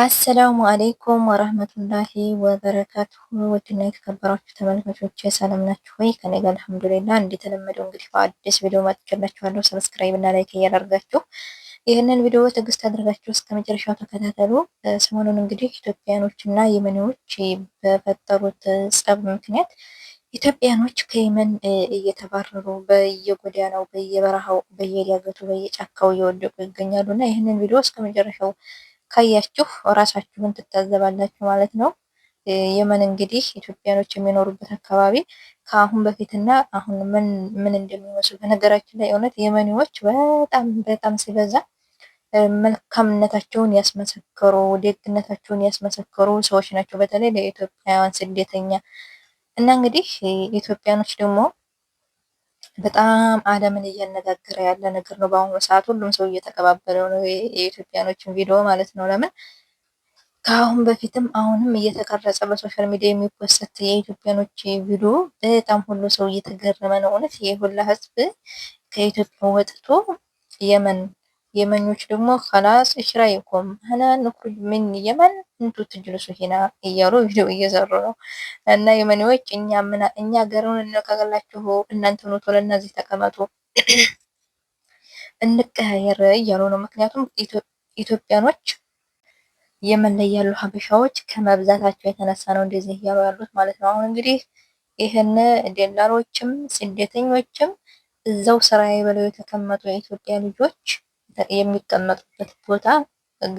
አሰላሙ አሌይኩም ወረህመቱላሂ ወበረካቱ። ውድና የተከበራችሁ ተመልካቾች ሰላም ናችሁ ወይ? ከኔ ጋር አልሐምዱሊላ። እንደተለመደው እንግዲህ በአዲስ ቪዲዮ መጥቼላችኋለሁ። ሰብስክራይብ እና ላይክ እያደረጋችሁ ይህንን ቪዲዮ ትዕግስት አድርጋችሁ እስከ መጨረሻው ተከታተሉ። ሰሞኑን እንግዲህ ኢትዮጵያኖች እና የመኔዎች በፈጠሩት ጸብ ምክንያት ኢትዮጵያኖች ከየመን እየተባረሩ በየጎዳናው፣ በየበረሃው፣ በየዳገቱ፣ በየጫካው እየወደቁ ይገኛሉ እና ይህንን ቪዲዮ እስከ መጨረሻው ካያችሁ ራሳችሁን ትታዘባላችሁ ማለት ነው። የመን እንግዲህ ኢትዮጵያኖች የሚኖሩበት አካባቢ ከአሁን በፊትና አሁን ምን ምን እንደሚመስሉ በነገራችን ላይ እውነት የመኒዎች በጣም በጣም ሲበዛ መልካምነታቸውን ያስመሰከሩ ደግነታቸውን ያስመሰከሩ ሰዎች ናቸው፣ በተለይ ለኢትዮጵያውያን ስደተኛ እና እንግዲህ ኢትዮጵያኖች ደግሞ በጣም ዓለምን እያነጋገረ ያለ ነገር ነው። በአሁኑ ሰዓት ሁሉም ሰው እየተቀባበለው ነው የኢትዮጵያኖችን ቪዲዮ ማለት ነው። ለምን ከአሁን በፊትም አሁንም እየተቀረጸ በሶሻል ሚዲያ የሚፖሰት የኢትዮጵያኖች ቪዲዮ በጣም ሁሉ ሰው እየተገረመ ነው። እውነት ይህ ሁላ ህዝብ ከኢትዮጵያ ወጥቶ የመን የመኞች ደግሞ ከላስ ሽራይኮም እና ንኩሩጅ ምን የመን እንቱ ትጅልሱ ሂና እያሉ ቪዲዮ እየሰሩ ነው። እና የመኒዎች እኛ ምና እኛ ገሩን እንለቀቀላችሁ እናንተ ኑ ቶሎ እነዚህ ተቀመጡ እንቀያየር እያሉ ነው። ምክንያቱም ኢትዮጵያኖች የመን ላይ ያሉ ሀበሻዎች ከመብዛታቸው የተነሳ ነው እንደዚህ እያሉ ያሉት ማለት ነው። አሁን እንግዲህ ይህን ደላሎችም ስደተኞችም እዛው ስራ የበለው የተቀመጡ የኢትዮጵያ ልጆች የሚቀመጡበት ቦታ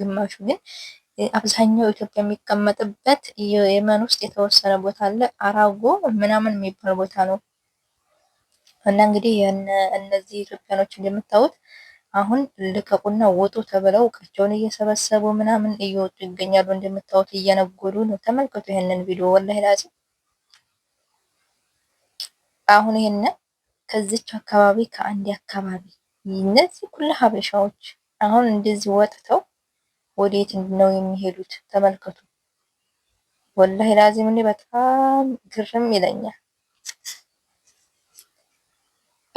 ግማሹ ግን አብዛኛው ኢትዮጵያ የሚቀመጥበት የመን ውስጥ የተወሰነ ቦታ አለ። አራጎ ምናምን የሚባል ቦታ ነው እና እንግዲህ እነዚህ ኢትዮጵያኖች እንደምታዩት አሁን ልቀቁና ወጡ ተብለው እቃቸውን እየሰበሰቡ ምናምን እየወጡ ይገኛሉ። እንደምታዩት እየነጎዱ ነው። ተመልከቱ ይህንን ቪዲዮ ወላሂ ላዚ አሁን ይሄንን ከዚች አካባቢ ከአንድ አካባቢ እነዚህ ኩል ሀበሻዎች አሁን እንደዚህ ወጥተው ወዴት ነው የሚሄዱት? ተመልከቱ። ወላሂ ላዚም እኔ በጣም ግርም ይለኛል።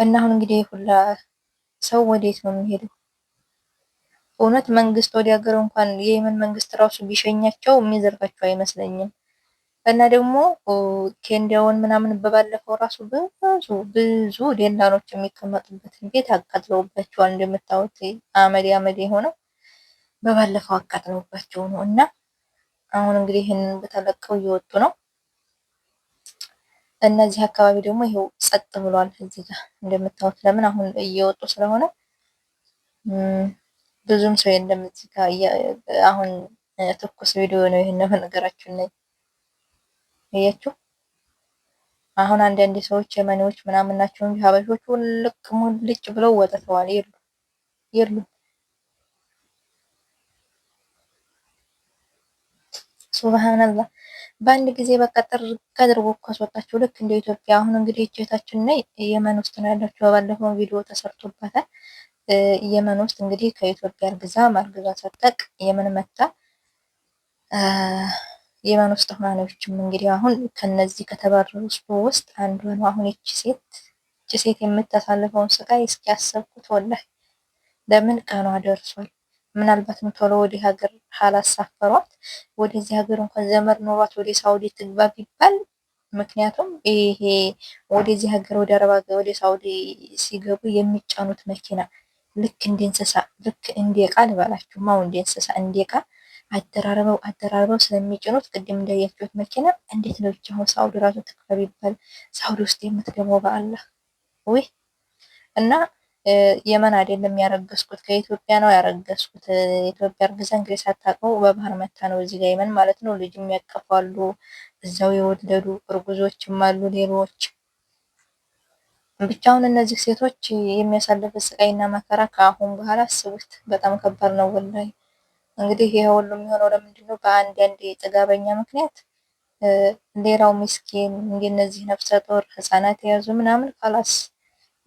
እና አሁን እንግዲህ ሁላ ሰው ወዴት ነው የሚሄደው? እውነት መንግስት ወደ ሀገር እንኳን የየመን መንግስት ራሱ ቢሸኛቸው የሚዘርፋቸው አይመስለኝም። እና ደግሞ ኬንዳውን ምናምን በባለፈው ራሱ ብዙ ብዙ ደላሎች የሚቀመጡበትን ቤት አቃጥለውባቸዋል። እንደምታዩት አመዴ አመዴ የሆነው በባለፈው አቃጥለውባቸው ነው። እና አሁን እንግዲህ ይህንን በተለቀው እየወጡ ነው። እነዚህ አካባቢ ደግሞ ይሄው ጸጥ ብሏል። እዚህ ጋር እንደምታዩት ለምን አሁን እየወጡ ስለሆነ ብዙም ሰው የለም። እዚህ ጋር አሁን ትኩስ ቪዲዮ ነው። ይህን ነገራችን ላይ አያችሁ። አሁን አንዳንድ ሰዎች የመኔዎች ምናምን ናቸው እንጂ ሀበሾቹ ውልቅ ሙልጭ ብለው ወጥተዋል። የሉ የሉ። ሱብሃንአላህ በአንድ ጊዜ በቃ ጥርቅ አድርጎ እኮ አስወጣችሁ። ልክ እንደ ኢትዮጵያ። አሁን እንግዲህ እጀታችን ላይ የመን ውስጥ ነው ያለችው። በባለፈው ቪዲዮ ተሰርቶበታል። የመን ውስጥ እንግዲህ ከኢትዮጵያ እርግዛ ማርግዛ ሰጠቅ የመን መታ የመን ውስጥ ተማሪዎችም እንግዲህ አሁን ከነዚህ ከተባረሩ ውስጥ አንዱ ነው። አሁን እቺ ሴት እቺ ሴት የምታሳልፈውን ስቃይ እስኪ ያሰብኩት ወላሂ። ለምን ቀኗ ደርሷል። ምናልባትም ቶሎ ወደ ሀገር ካላሳፈሯት ወደዚህ ሀገር እንኳን ዘመድ ኖሯት ወደ ሳውዲ ትግባ ቢባል ምክንያቱም ይሄ ወደዚህ ሀገር ወደ አረብ ሀገር ወደ ሳውዲ ሲገቡ የሚጫኑት መኪና ልክ እንደ እንስሳ ልክ እንደ ዕቃ ልበላችሁ ማው እንደ እንስሳ እንደ ዕቃ አደራርበው አደራርበው ስለሚጭኑት ቅድም እንዳያችሁት መኪና እንዴት ነው ብቻ አሁን ሳውዲ ራሱ ተክበብ ይባል ሳውዲ ውስጥ የምትገባው በአላ ወይ እና የመን አይደለም ያረገዝኩት ከኢትዮጵያ ነው ያረገዝኩት። ኢትዮጵያ እርግዛ እንግዲህ ሳታውቀው በባህር መታ ነው እዚህ ጋር የመን ማለት ነው። ልጅ የሚያቀፋሉ እዛው የወለዱ እርጉዞችም አሉ ሌሎች ብቻውን እነዚህ ሴቶች የሚያሳልፉት ስቃይና መከራ ከአሁን በኋላ አስቡት። በጣም ከባድ ነው ወላይ። እንግዲህ ይሄ ሁሉ የሚሆነው ለምንድን ነው? በአንዳንድ የጥጋበኛ ምክንያት ሌላው ምስኪን እንደነዚህ ነፍሰ ጡር ህፃናት የያዙ ምናምን ካላስ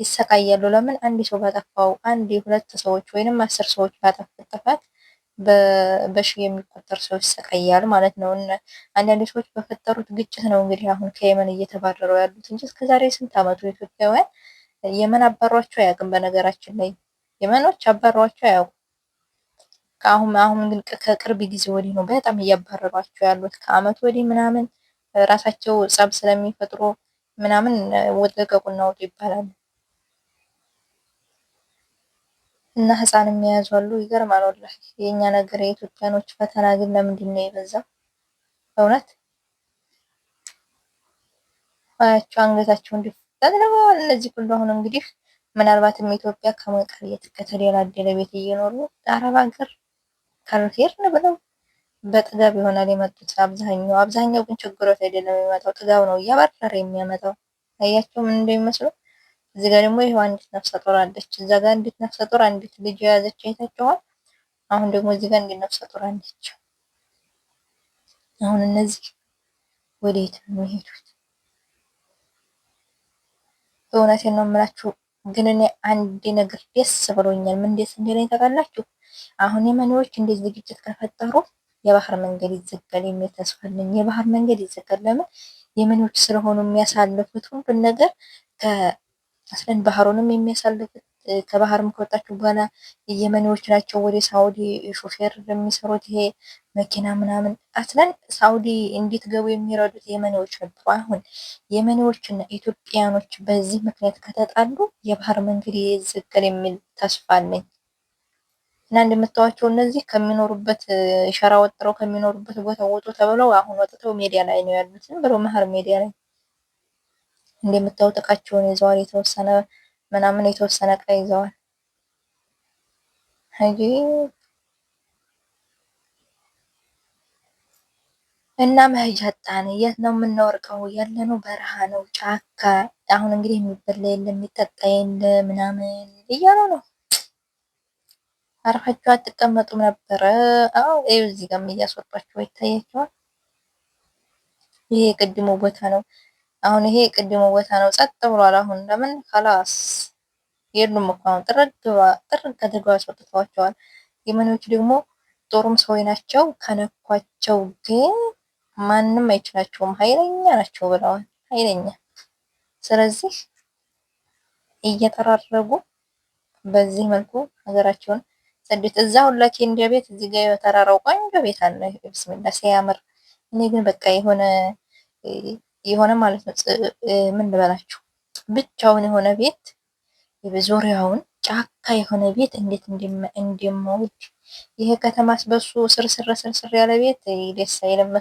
ይሰቃያሉ። ለምን አንድ ሰው ባጠፋው አንድ ሁለት ሰዎች ወይንም አስር ሰዎች ባጠፉት ጥፋት በሺ የሚቆጠር ሰው ይሰቃያል ማለት ነው። አንዳንድ ሰዎች በፈጠሩት ግጭት ነው እንግዲህ አሁን ከየመን እየተባረሩ ያሉት እንጂ እስከዛሬ ስንት አመቱ ኢትዮጵያውያን የመን አባሯቸው አያውቅም። በነገራችን ላይ የመኖች አባሯቸው አያውቁም። ከአሁን አሁን ግን ከቅርብ ጊዜ ወዲህ ነው በጣም እያባረሯቸው ያሉት። ከአመት ወዲህ ምናምን ራሳቸው ጸብ ስለሚፈጥሩ ምናምን ወደቀቁና ወጡ ይባላል እና ህፃን የሚያዙ አሉ። ይገርማል ወላሂ። የእኛ ነገር የኢትዮጵያኖች ፈተና ግን ለምንድን ነው የበዛ? እውነት አያቸው አንገታቸው እንዲፈጠጥ ነው። እነዚህ ሁሉ አሁን እንግዲህ ምናልባትም ኢትዮጵያ ከመቀየት ከተደላደለ ቤት እየኖሩ አረብ ሀገር ካልሄድን ብለው በጥጋብ ይሆናል የመጡት አብዛኛው አብዛኛው ግን ችግሮት አይደለም የሚመጣው ጥጋብ ነው እያባረረ የሚያመጣው አያቸው ምን እንደሚመስሉ እዚህ ጋር ደግሞ ይሄው አንዲት ነፍሰ ጡር አለች እዛ ጋር አንዲት ነፍሰ ጡር አንዲት ልጅ የያዘች አይታችኋል አሁን ደግሞ እዚህ ጋር አንዲት ነፍሰ ጡር አለች አሁን እነዚህ ወዴት ነው የሚሄዱት እውነቴን ነው የምላችሁ ግን እኔ አንድ ነገር ደስ ብሎኛል ምን ደስ እንደለኝ ታውቃላችሁ አሁን የመኖች እንደዚህ ዝግጅት ከፈጠሩ የባህር መንገድ ይዘጋል የሚል ተስፋ አለኝ። የባህር መንገድ ይዘጋል። ለምን የመኖች ስለሆኑ የሚያሳልፉት ሁሉን ነገር ከስለን ባህሩንም የሚያሳልፉት ከባህርም ከወጣችሁ በኋላ የመኔዎች ናቸው። ወደ ሳውዲ ሾፌር የሚሰሩት ይሄ መኪና ምናምን አስለን ሳውዲ ገቡ የሚረዱት የመኔዎች ነበሩ። አሁን የመኔዎችና ኢትዮጵያኖች በዚህ ምክንያት ከተጣሉ የባህር መንገድ ይዘጋል የሚል ተስፋ አለኝ። እና እንደምታዋቸው እነዚህ ከሚኖሩበት ሸራ ወጥረው ከሚኖሩበት ቦታ ወጡ ተብለው አሁን ወጥተው ሜዳ ላይ ነው ያሉት። ዝም ብለው መሀል ላይ እንደምታዩት እቃቸውን ይዘዋል። የተወሰነ ምናምን የተወሰነ እቃ ይዘዋል። እና መሄጃ አጣን። የት ነው የምናወርቀው? ያለ ነው በረሃ ነው ጫካ። አሁን እንግዲህ የሚበላ የለ የሚጠጣ የለ ምናምን እያሉ ነው አርፋችሁ አትቀመጡም ነበረ። አዎ እዩ፣ እዚህ ጋር እያስወጣችሁ ይታያችኋል። ይሄ የቅድሞ ቦታ ነው። አሁን ይሄ የቅድሞ ቦታ ነው። ጸጥ ብሏል። አሁን ለምን ከላስ የሉም እኮ አሁን ጥርግ ጥርግ አድርገው አስወጥተዋቸዋል። ደግሞ ጦሩም ሰው ናቸው። ከነኳቸው ግን ማንም አይችላቸውም። ኃይለኛ ናቸው ብለዋል። ኃይለኛ ስለዚህ እየጠራረጉ በዚህ መልኩ ሀገራቸውን ጽድት እዛ ሁላኪ እንደ ቤት እዚህ ጋር የተራራው ቆንጆ ቤት አለ። ብስምላ ሲያምር! እኔ ግን በቃ የሆነ የሆነ ማለት ነው ምን ልበላችሁ ብቻውን የሆነ ቤት ዙሪያውን ጫካ የሆነ ቤት እንዴት እንደምወድ ይሄ ከተማስ በሱ ስርስር ስርስር ያለ ቤት ደስ አይልም።